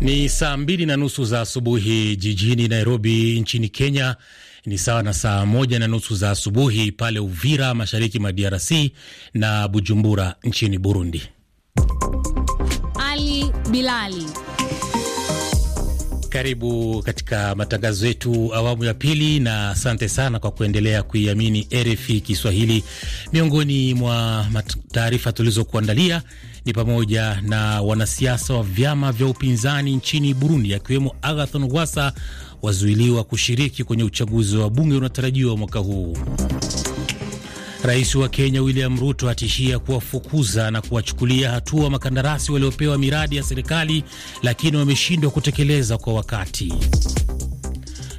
Ni saa mbili na nusu za asubuhi jijini Nairobi nchini Kenya, ni sawa na saa moja na nusu za asubuhi pale Uvira, mashariki mwa DRC na Bujumbura nchini Burundi. Ali Bilali karibu katika matangazo yetu awamu ya pili, na asante sana kwa kuendelea kuiamini RFI Kiswahili. Miongoni mwa taarifa tulizokuandalia ni pamoja na wanasiasa wa vyama vya upinzani nchini Burundi, akiwemo Agathon Rwasa wazuiliwa kushiriki kwenye uchaguzi wa bunge unatarajiwa mwaka huu. Rais wa Kenya William Ruto atishia kuwafukuza na kuwachukulia hatua makandarasi waliopewa miradi ya serikali lakini wameshindwa kutekeleza kwa wakati.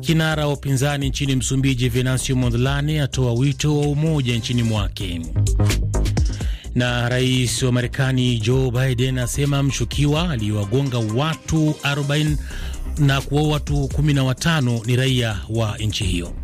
Kinara wa upinzani nchini Msumbiji Venancio Mondlane atoa wito wa umoja nchini mwake. Na rais wa Marekani Joe Biden asema mshukiwa aliyewagonga watu 40 na kuwa watu 15 ni raia wa nchi hiyo.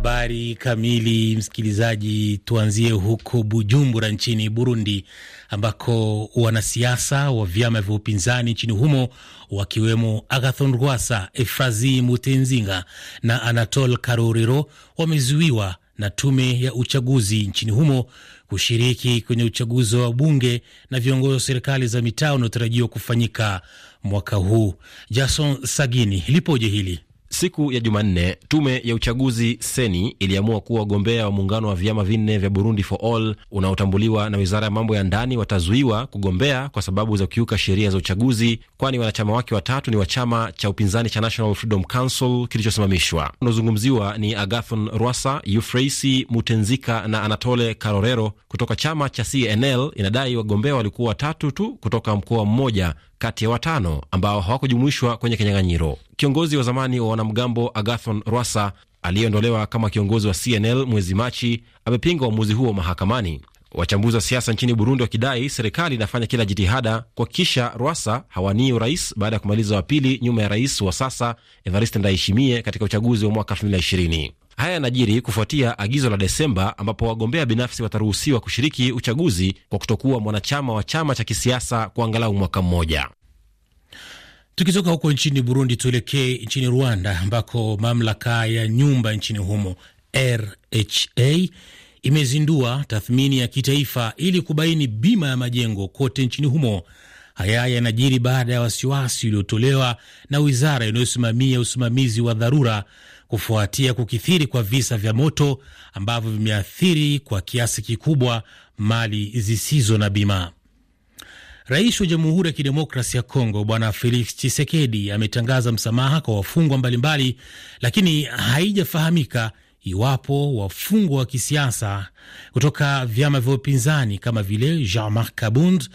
Habari kamili, msikilizaji, tuanzie huko Bujumbura nchini Burundi, ambako wanasiasa wa vyama vya upinzani nchini humo wakiwemo Agathon Rwasa, Efrazi Mutenzinga na anatol karoriro wamezuiwa na tume ya uchaguzi nchini humo kushiriki kwenye uchaguzi wa bunge na viongozi wa serikali za mitaa unaotarajiwa kufanyika mwaka huu. Jason Sagini, lipoje hili? Siku ya Jumanne, tume ya uchaguzi seni iliamua kuwa wagombea wa muungano wa vyama vinne vya Burundi for All unaotambuliwa na wizara ya mambo ya ndani watazuiwa kugombea kwa sababu za kukiuka sheria za uchaguzi, kwani wanachama wake watatu ni wa chama cha upinzani cha National Freedom Council kilichosimamishwa. Unaozungumziwa ni Agathon Rwasa, Eufraisi Mutenzika na Anatole Karorero kutoka chama cha CNL. Inadai wagombea walikuwa watatu tu kutoka mkoa mmoja kati ya watano ambao hawakujumuishwa kwenye kinyang'anyiro. Kiongozi wa zamani wa wanamgambo Agathon Rwasa aliyeondolewa kama kiongozi wa CNL mwezi Machi amepinga uamuzi huo mahakamani. Wachambuzi wa siasa nchini Burundi wakidai serikali inafanya kila jitihada kuhakikisha Rwasa hawanii urais baada ya kumaliza wa pili nyuma ya rais wa sasa Evariste Ndayishimiye katika uchaguzi wa mwaka 2020. Haya yanajiri kufuatia agizo la Desemba ambapo wagombea binafsi wataruhusiwa kushiriki uchaguzi kwa kutokuwa mwanachama wa chama cha kisiasa kwa angalau mwaka mmoja. Tukitoka huko nchini Burundi, tuelekee nchini Rwanda ambako mamlaka ya nyumba nchini humo RHA imezindua tathmini ya kitaifa ili kubaini bima ya majengo kote nchini humo. Haya yanajiri baada ya wasiwasi uliotolewa na wizara inayosimamia usimamizi wa dharura kufuatia kukithiri kwa visa vya moto ambavyo vimeathiri kwa kiasi kikubwa mali zisizo na bima. Rais wa Jamhuri ya Kidemokrasi ya Kongo Bwana Felix chisekedi ametangaza msamaha kwa wafungwa mbalimbali, lakini haijafahamika iwapo wafungwa wa kisiasa kutoka vyama vya upinzani kama vile Jean Marc Kabund,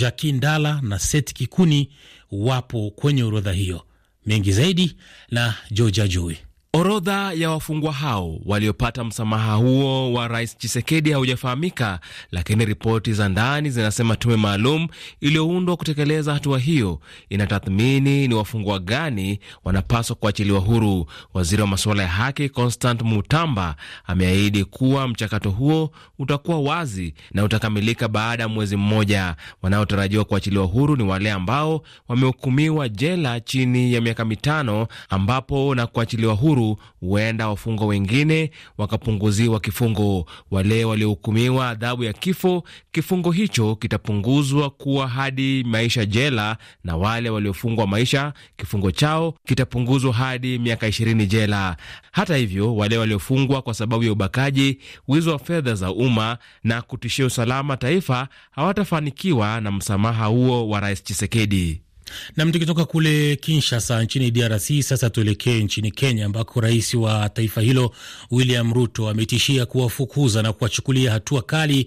Jacques Ndala na Seth Kikuni wapo kwenye orodha hiyo. Mengi zaidi na Joja Jui. Orodha ya wafungwa hao waliopata msamaha huo wa rais Chisekedi haujafahamika, lakini ripoti za ndani zinasema tume maalum iliyoundwa kutekeleza hatua hiyo inatathmini ni wafungwa gani wanapaswa kuachiliwa huru. Waziri wa masuala ya haki Constant Mutamba ameahidi kuwa mchakato huo utakuwa wazi na utakamilika baada ya mwezi mmoja. Wanaotarajiwa kuachiliwa huru ni wale ambao wamehukumiwa jela chini ya miaka mitano ambapo na kuachiliwa huru huru, huenda wafungwa wengine wakapunguziwa kifungo. Wale waliohukumiwa adhabu ya kifo, kifungo hicho kitapunguzwa kuwa hadi maisha jela, na wale waliofungwa maisha, kifungo chao kitapunguzwa hadi miaka ishirini jela. Hata hivyo, wale waliofungwa kwa sababu ya ubakaji, wizi wa fedha za umma na kutishia usalama taifa hawatafanikiwa na msamaha huo wa Rais Chisekedi. Nam, tukitoka kule Kinshasa nchini DRC sasa tuelekee nchini Kenya, ambako rais wa taifa hilo William Ruto ametishia kuwafukuza na kuwachukulia hatua kali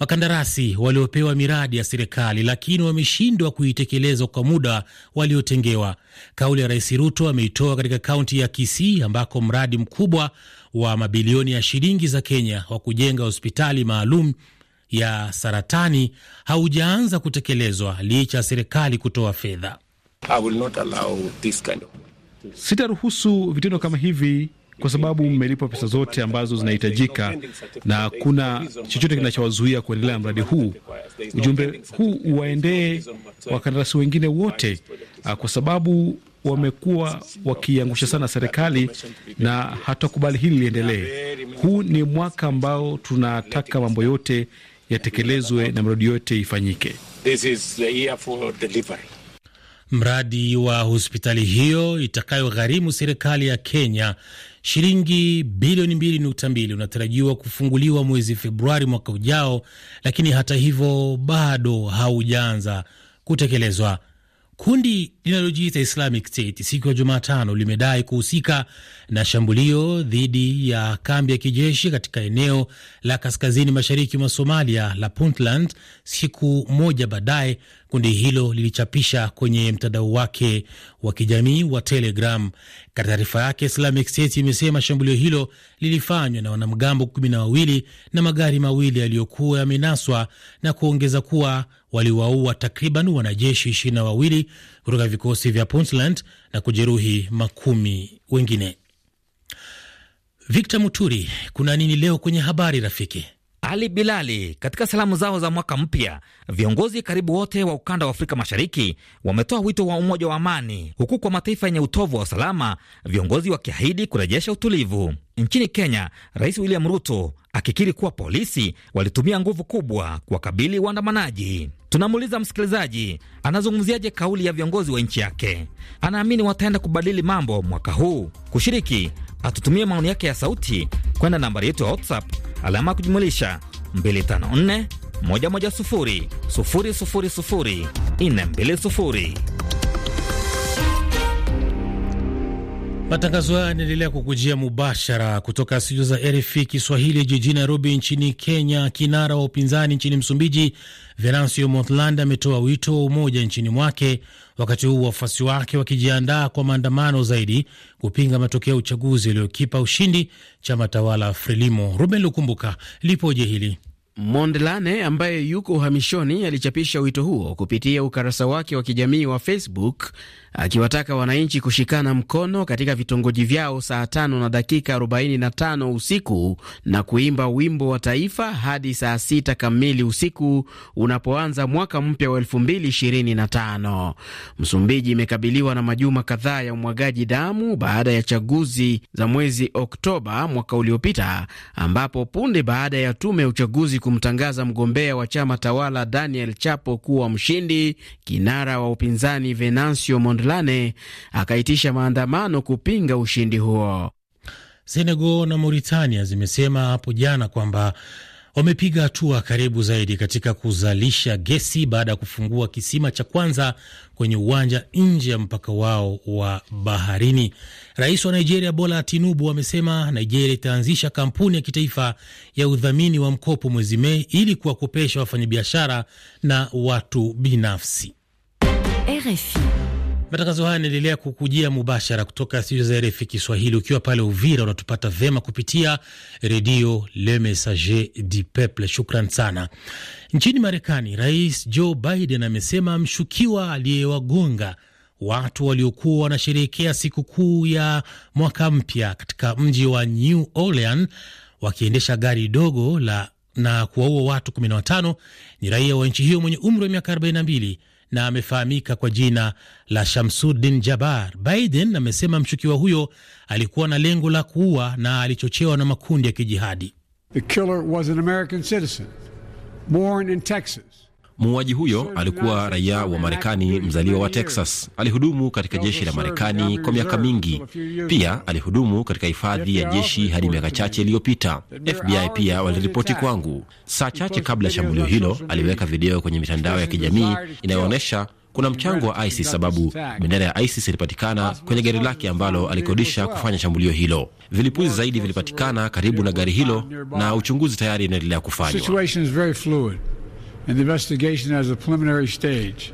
makandarasi waliopewa miradi ya serikali lakini wameshindwa kuitekeleza kwa muda waliotengewa. Kauli ya rais Ruto ameitoa katika kaunti ya Kisii ambako mradi mkubwa wa mabilioni ya shilingi za Kenya wa kujenga hospitali maalum ya saratani haujaanza kutekelezwa licha ya serikali kutoa fedha. Kind of... sitaruhusu vitendo kama hivi kwa sababu mmelipwa pesa zote ambazo zinahitajika na hakuna chochote kinachowazuia kuendelea mradi huu. Ujumbe huu uwaendee wakandarasi wengine wote, ah, kwa sababu wamekuwa wakiangusha sana serikali na hatakubali hili liendelee. Huu ni mwaka ambao tunataka mambo yote yatekelezwe na mradi yote ifanyike. This is the year for delivery. Mradi wa hospitali hiyo itakayogharimu serikali ya Kenya shilingi bilioni 2.2 unatarajiwa kufunguliwa mwezi Februari mwaka ujao, lakini hata hivyo bado haujaanza kutekelezwa. Kundi linalojiita Islamic State siku ya Jumatano limedai kuhusika na shambulio dhidi ya kambi ya kijeshi katika eneo la kaskazini mashariki mwa Somalia la Puntland siku moja baadaye Kundi hilo lilichapisha kwenye mtandao wake wa kijamii wa Telegram. Katika taarifa yake, Islamic State imesema shambulio hilo lilifanywa na wanamgambo kumi na wawili na magari mawili yaliyokuwa yamenaswa, na kuongeza kuwa waliwaua takriban wanajeshi ishirini na wawili kutoka vikosi vya Puntland na kujeruhi makumi wengine. Victor Muturi, kuna nini leo kwenye habari rafiki? Ali Bilali. Katika salamu zao za mwaka mpya, viongozi karibu wote wa ukanda wa Afrika Mashariki wametoa wito wa umoja wa amani, huku kwa mataifa yenye utovu wa usalama viongozi wakiahidi kurejesha utulivu. Nchini Kenya, Rais William Ruto akikiri kuwa polisi walitumia nguvu kubwa kuwakabili waandamanaji. Tunamuuliza msikilizaji, anazungumziaje kauli ya viongozi wa nchi yake? Anaamini wataenda kubadili mambo mwaka huu? Kushiriki, atutumie maoni yake ya sauti kwenda nambari yetu ya WhatsApp alama ya kujumulisha 254 110 000 sufuri Matangazo haya yanaendelea kukujia mubashara kutoka studio za RFI Kiswahili jijini Nairobi nchini Kenya. Kinara wa upinzani nchini Msumbiji, Venancio Mondlane, ametoa wito wa umoja nchini mwake, wakati huu wafuasi wake wakijiandaa kwa maandamano zaidi kupinga matokeo ya uchaguzi yaliyokipa ushindi chama tawala Frelimo. Ruben Lukumbuka, lipoje hili? Mondlane ambaye yuko uhamishoni alichapisha wito huo kupitia ukarasa wake wa kijamii wa Facebook akiwataka wananchi kushikana mkono katika vitongoji vyao saa tano na dakika 45 usiku na kuimba wimbo wa taifa hadi saa sita kamili usiku unapoanza mwaka mpya wa 2025. Msumbiji imekabiliwa na majuma kadhaa ya umwagaji damu baada ya chaguzi za mwezi Oktoba mwaka uliopita ambapo punde baada ya tume ya uchaguzi kumtangaza mgombea wa chama tawala Daniel Chapo kuwa mshindi, kinara wa upinzani Venancio Mondlane akaitisha maandamano kupinga ushindi huo. Senegal na Mauritania zimesema hapo jana kwamba wamepiga hatua karibu zaidi katika kuzalisha gesi baada ya kufungua kisima cha kwanza kwenye uwanja nje ya mpaka wao wa baharini. Rais wa Nigeria Bola Tinubu amesema Nigeria itaanzisha kampuni ya kitaifa ya udhamini wa mkopo mwezi Mei ili kuwakopesha wafanyabiashara na watu binafsi. RFI. Matangazo haya yanaendelea kukujia mubashara kutoka studio za RFI Kiswahili. Ukiwa pale Uvira unatupata vema kupitia redio Le Messager du Peuple. Shukran sana. Nchini Marekani, Rais Joe Biden amesema mshukiwa aliyewagonga watu waliokuwa wanasherehekea sikukuu ya mwaka mpya katika mji wa New Orleans wakiendesha gari dogo la na kuwaua watu 15 ni raia wa nchi hiyo mwenye umri wa miaka 42 na amefahamika kwa jina la Shamsuddin jabar Biden amesema mshukiwa huyo alikuwa na lengo la kuua na alichochewa na makundi ya kijihadi. The killer was an American citizen born in Texas. Muuaji huyo alikuwa raia wa Marekani, mzaliwa wa Texas. Alihudumu katika jeshi la Marekani kwa miaka mingi. Pia alihudumu katika hifadhi ya jeshi hadi miaka chache iliyopita. FBI pia waliripoti kwangu. Saa chache kabla ya shambulio hilo, aliweka video kwenye mitandao ya kijamii inayoonyesha kuna mchango wa ISIS sababu bendera ya ISIS ilipatikana kwenye gari lake ambalo alikodisha kufanya shambulio hilo. Vilipuzi zaidi vilipatikana karibu na gari hilo, na uchunguzi tayari inaendelea kufanywa and the investigation has a preliminary stage.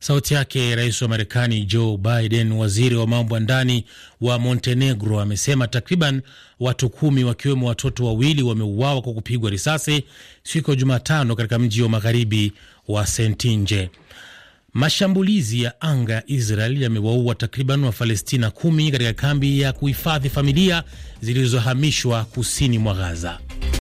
Sauti yake rais wa Marekani Joe Biden. Waziri wa mambo ya ndani wa Montenegro amesema takriban watu kumi wakiwemo watoto wawili wameuawa kwa kupigwa risasi siku ya Jumatano katika mji wa magharibi wa Sentinje. Mashambulizi ya anga ya Israel yamewaua takriban Wafalestina kumi katika kambi ya kuhifadhi familia zilizohamishwa kusini mwa Gaza.